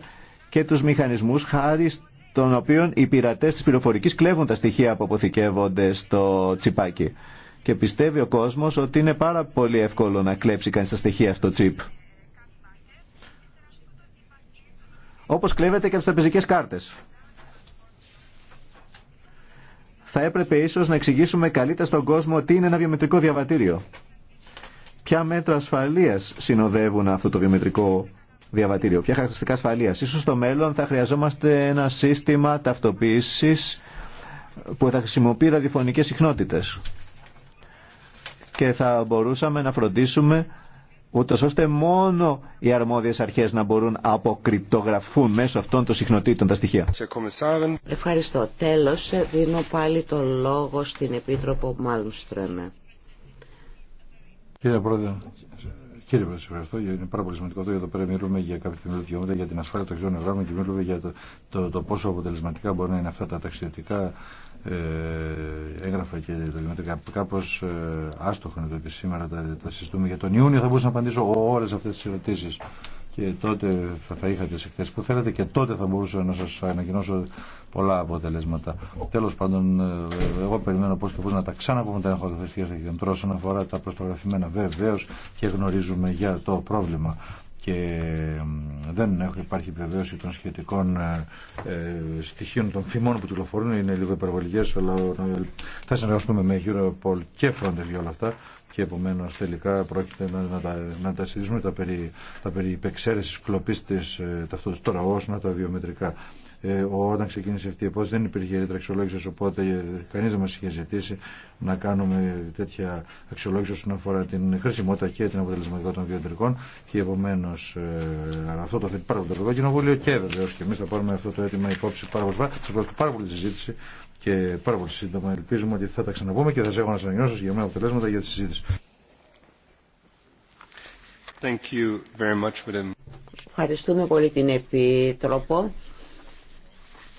και τους μηχανισμούς χάρη των οποίων οι πειρατές της πληροφορικής κλέβουν τα στοιχεία που αποθηκεύονται στο τσιπάκι. Και πιστεύει ο κόσμος ότι είναι πάρα πολύ εύκολο να κλέψει κανείς τα στοιχεία στο τσιπ. όπως κλέβεται και από τις τραπεζικές κάρτες. Θα έπρεπε ίσως να εξηγήσουμε καλύτερα στον κόσμο τι είναι ένα βιομετρικό διαβατήριο. Ποια μέτρα ασφαλείας συνοδεύουν αυτό το βιομετρικό διαβατήριο, ποια χαρακτηριστικά ασφαλείας. Ίσως στο μέλλον θα χρειαζόμαστε ένα σύστημα ταυτοποίησης που θα χρησιμοποιεί ραδιοφωνικές συχνότητες και θα μπορούσαμε να φροντίσουμε ούτω ώστε μόνο οι αρμόδιες αρχές να μπορούν να αποκρυπτογραφούν μέσω αυτών των συχνοτήτων τα στοιχεία. Ευχαριστώ. Τέλος, δίνω πάλι το λόγο στην Επίτροπο Μάλμστρεμ. Κύριε Πρόεδρε, Κύριε Πρόεδρε, ευχαριστώ. Είναι πάρα πολύ σημαντικό το εδώ πέρα μιλούμε για κάποια θεμελιώδη δικαιώματα, για την ασφάλεια των ξένων εργάτων και μιλούμε για το, το, το, πόσο αποτελεσματικά μπορεί να είναι αυτά τα ταξιδιωτικά ε, έγγραφα και τα δημοτικά. Κάπω ε, άστοχο είναι το ότι σήμερα τα, τα συζητούμε. Για τον Ιούνιο θα μπορούσα να απαντήσω όλε αυτέ τι ερωτήσει και τότε θα, θα είχατε τι εκθέσει που θέλατε και τότε θα μπορούσα να σα ανακοινώσω πολλά αποτελέσματα. Τέλο πάντων, ε, ε, εγώ περιμένω πώ και πώ να τα ξαναπούμε τα εγχωριθρησκεία στα κεντρό όσον αφορά τα προστογραφημένα. Βεβαίω και γνωρίζουμε για το πρόβλημα και δεν έχω υπάρχει βεβαίωση των σχετικών ε, στοιχείων των φημών που κυκλοφορούν είναι λίγο υπερβολικές αλλά θα συνεργαστούμε με Europol και Frontex για όλα αυτά και επομένω τελικά πρόκειται να, να τα, να τα συζητήσουμε τα περί, τα περί υπεξαίρεσης κλοπής της ταυτότητας τώρα να τα βιομετρικά ε, όταν ξεκίνησε αυτή η επόμενη δεν υπήρχε ρήτρα αξιολόγηση, οπότε κανεί δεν μα είχε ζητήσει να κάνουμε τέτοια αξιολόγηση όσον αφορά την χρησιμότητα και την αποτελεσματικότητα των βιοτερικών Και επομένω ε, αυτό το θέτει πάρα πολύ το Ευρωπαϊκό Κοινοβούλιο και βεβαίω και εμεί θα πάρουμε αυτό το αίτημα υπόψη πάρα πολύ. Σα πάρα πολύ συζήτηση και πάρα πολύ σύντομα ελπίζουμε ότι θα τα ξαναπούμε και θα σα έχω να σα για μένα αποτελέσματα για τη συζήτηση. Thank you very much, Ευχαριστούμε πολύ την Επίτροπο.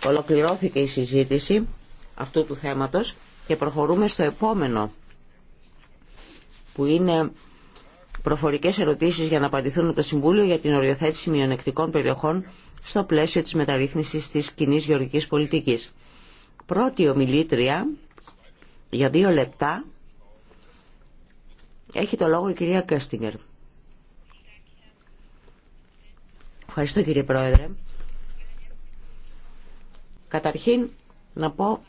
Ολοκληρώθηκε η συζήτηση αυτού του θέματος και προχωρούμε στο επόμενο που είναι προφορικές ερωτήσεις για να απαντηθούν το Συμβούλιο για την οριοθέτηση μειονεκτικών περιοχών στο πλαίσιο της μεταρρύθμισης της κοινή γεωργικής πολιτικής. Πρώτη ομιλήτρια για δύο λεπτά έχει το λόγο η κυρία Κέστιγκερ. Ευχαριστώ κύριε Πρόεδρε. Καταρχήν να πω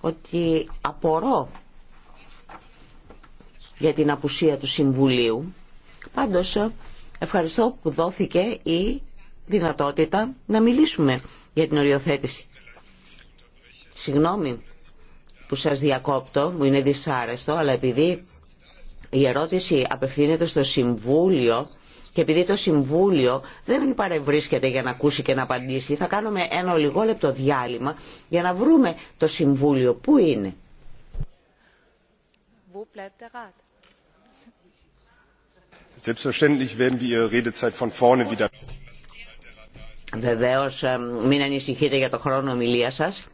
ότι απορώ για την απουσία του Συμβουλίου. Πάντως ευχαριστώ που δόθηκε η δυνατότητα να μιλήσουμε για την οριοθέτηση. Συγγνώμη που σας διακόπτω, μου είναι δυσάρεστο, αλλά επειδή η ερώτηση απευθύνεται στο Συμβούλιο και επειδή το Συμβούλιο δεν παρευρίσκεται για να ακούσει και να απαντήσει, θα κάνουμε ένα λιγόλεπτο διάλειμμα για να βρούμε το Συμβούλιο. Πού είναι. Selbstverständlich Βεβαίως, μην ανησυχείτε για το χρόνο ομιλία σας.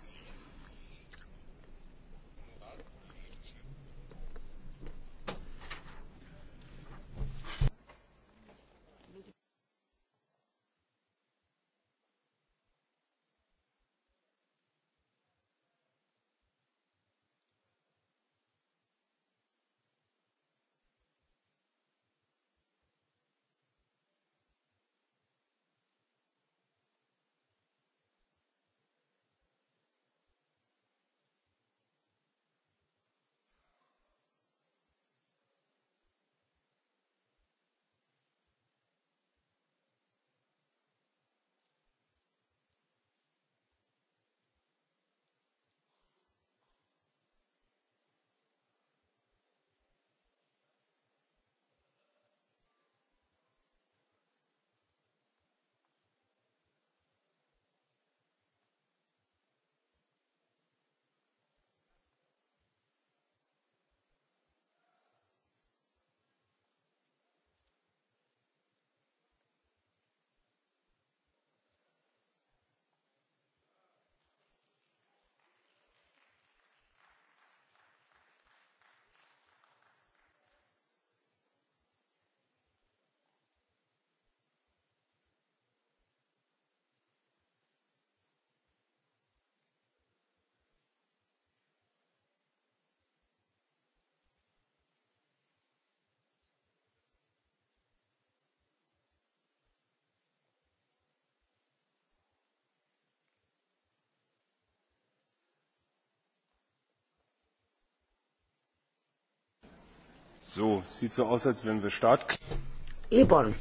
Λοιπόν,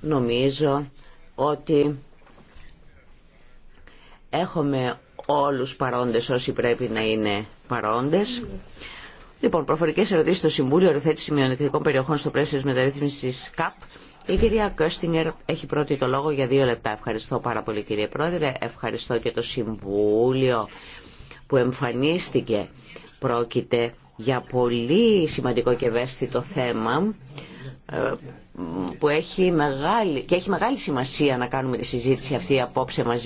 νομίζω ότι έχουμε όλους παρόντες όσοι πρέπει να είναι παρόντες. Λοιπόν, προφορικές ερωτήσεις στο Συμβούλιο Οριθέτηση Μειονεκτικών Περιοχών στο πλαίσιο της μεταρρύθμισης ΚΑΠ. Η κυρία Κόστινγκερ έχει πρώτη το λόγο για δύο λεπτά. Ευχαριστώ πάρα πολύ κύριε Πρόεδρε. Ευχαριστώ και το Συμβούλιο που εμφανίστηκε. Πρόκειται για πολύ σημαντικό και ευαίσθητο θέμα ε, που έχει μεγάλη, και έχει μεγάλη σημασία να κάνουμε τη συζήτηση αυτή απόψε μαζί.